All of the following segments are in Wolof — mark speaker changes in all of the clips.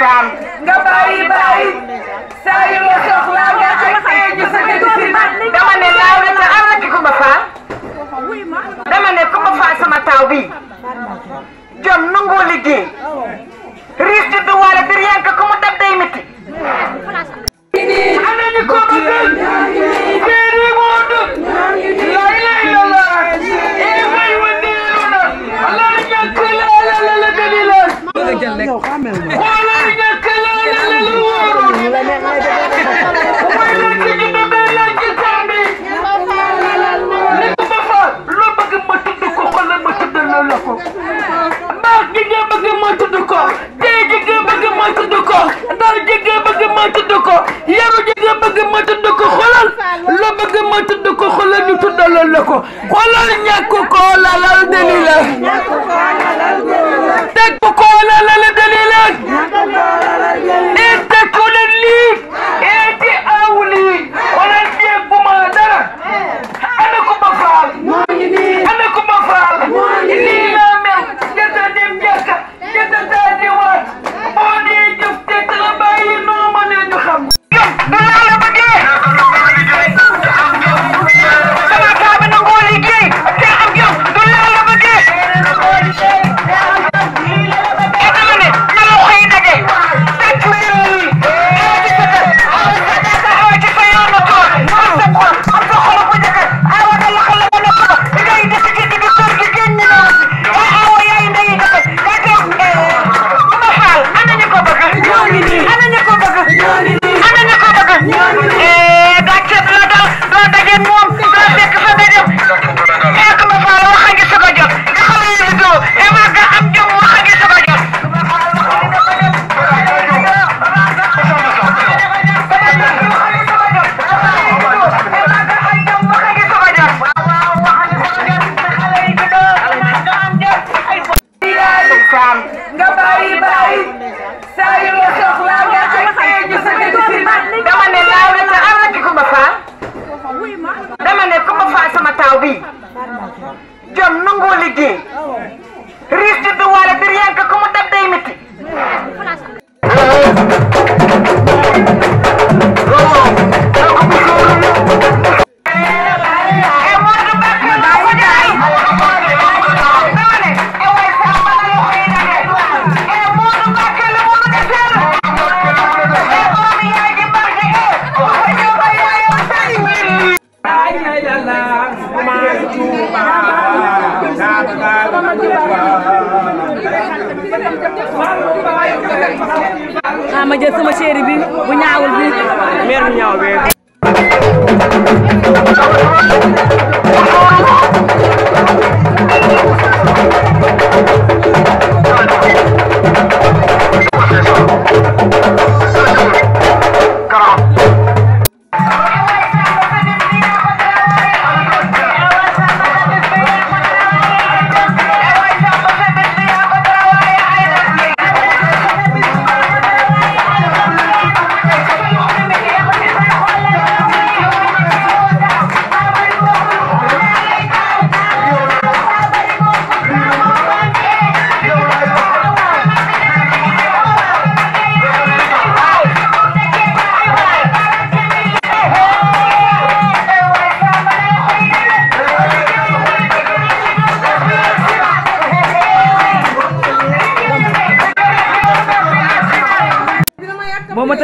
Speaker 1: ndeysaan nga bàyyi bàyyi saa yu la soxla nga ay feeñu sa gën dama ne laaw la te am na ci Kumba Faal dama ne Kumba Faal sama taaw bi jom nangoo liggéey riis di du waale bi rien que ku mu dab day métti am nañu koo bëgg ko xoolal ko lalal deli la Thank you.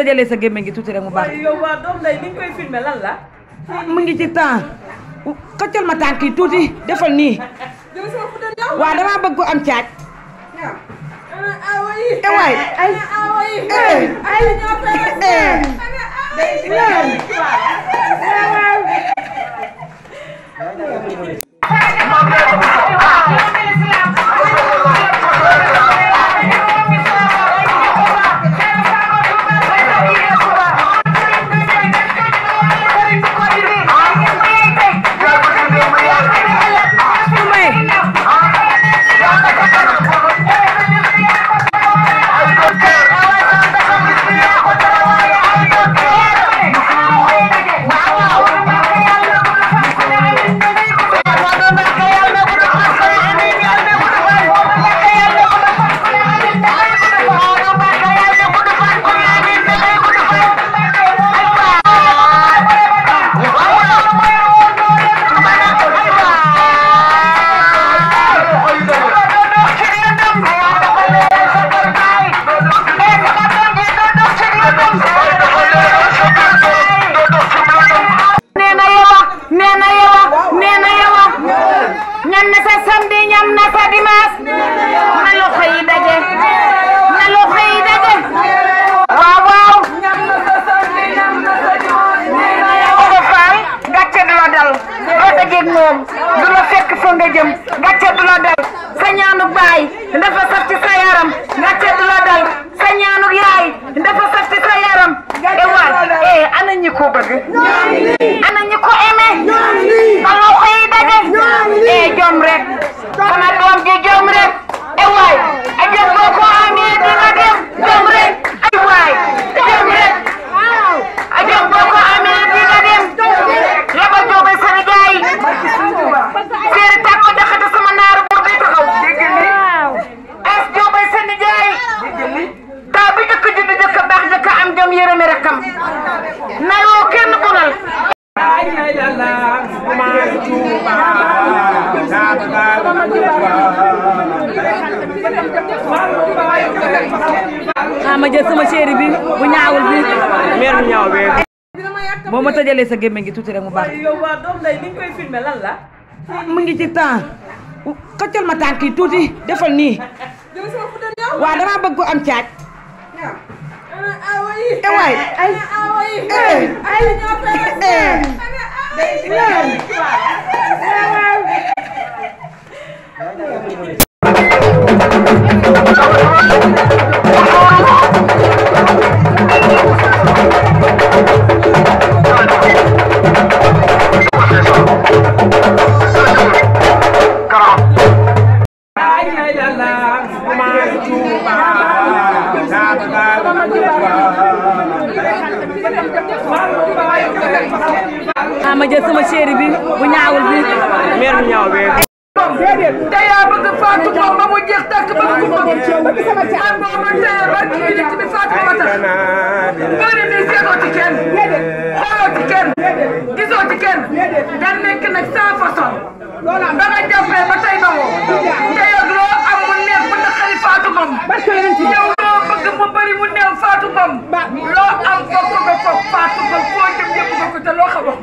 Speaker 1: tëjalee sa gémmiñ gi tuuti rek mu baax. Ah, mu ngi ci temps xëccal ma tànk yi tuuti defal nii. waaw damaa bëgg ko am caaj. e eh, waay ay ay dafa saf ci sa yaram gàcce du dal sa ñaanuk yaay dafa saf ci sa yaram e waay e ñi ko bëgg boo ma tëjalee sa gémmiñ gi tuuti rek mu baax. waaye yow waa doom day ni koy filmé lan la. mu ngi ci temps xëccal ma tànk yi defal nii. waaw damaa bëgg ko am ay ay ay ah ma jël sama chéri bi bu ñaawul bi. mère bu ñaawul bi. te yaa bëgg Fatou moom ba mu jeex tàkk ba mu ma tee ba kii nit bi Fatou moo tax. bëri ni seetoo ci kenn. xooloo ci kenn. gisoo ci kenn. nga nekk bëgg mu bëri mu néew loo am bokk ko Fatou ba foo a yëpp nga te loo xam wax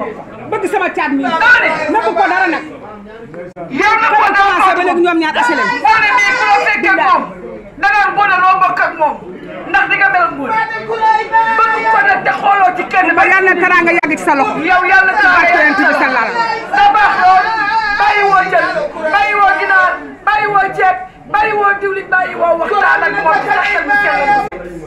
Speaker 1: bëgg sama caat mi nëbb ko dara nag yow na ko dara Fatou ba léegi ñoom ñaar asilem boo ne nii ku la fekk ak moom da ngaa mboona loo bokk ak moom ndax di nga mel ko nag te xooloo ci kenn ba yàlla na teraanga yàgg ci sa loxo ايوه وقتها لك وقت تحت من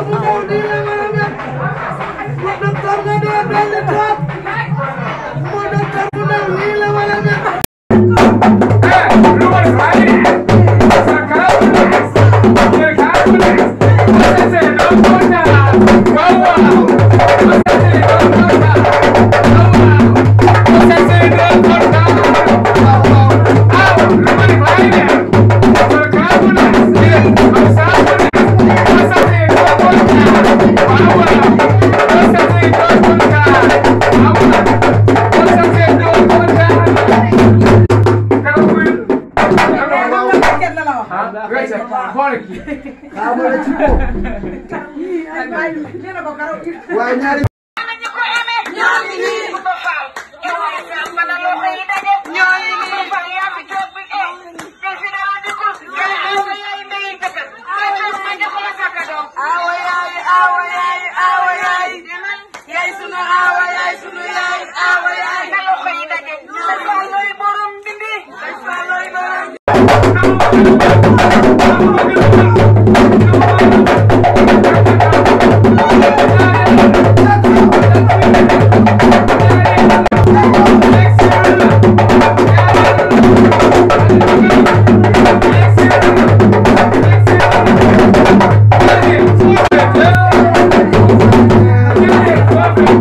Speaker 1: What the fuck are they? waaye ñaari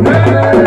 Speaker 1: ¡Gracias!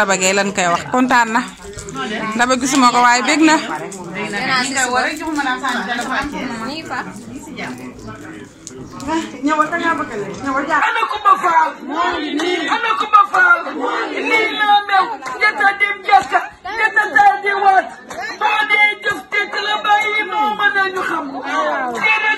Speaker 1: Daba Gueye lan koy wax kontaan na Daba gisuma ko waaye na ñëwal da ngaa bëgg ana ku ma faal ana ku ma faal lii laa mew ñetta dem jàkka ñetta daal di waat boo dee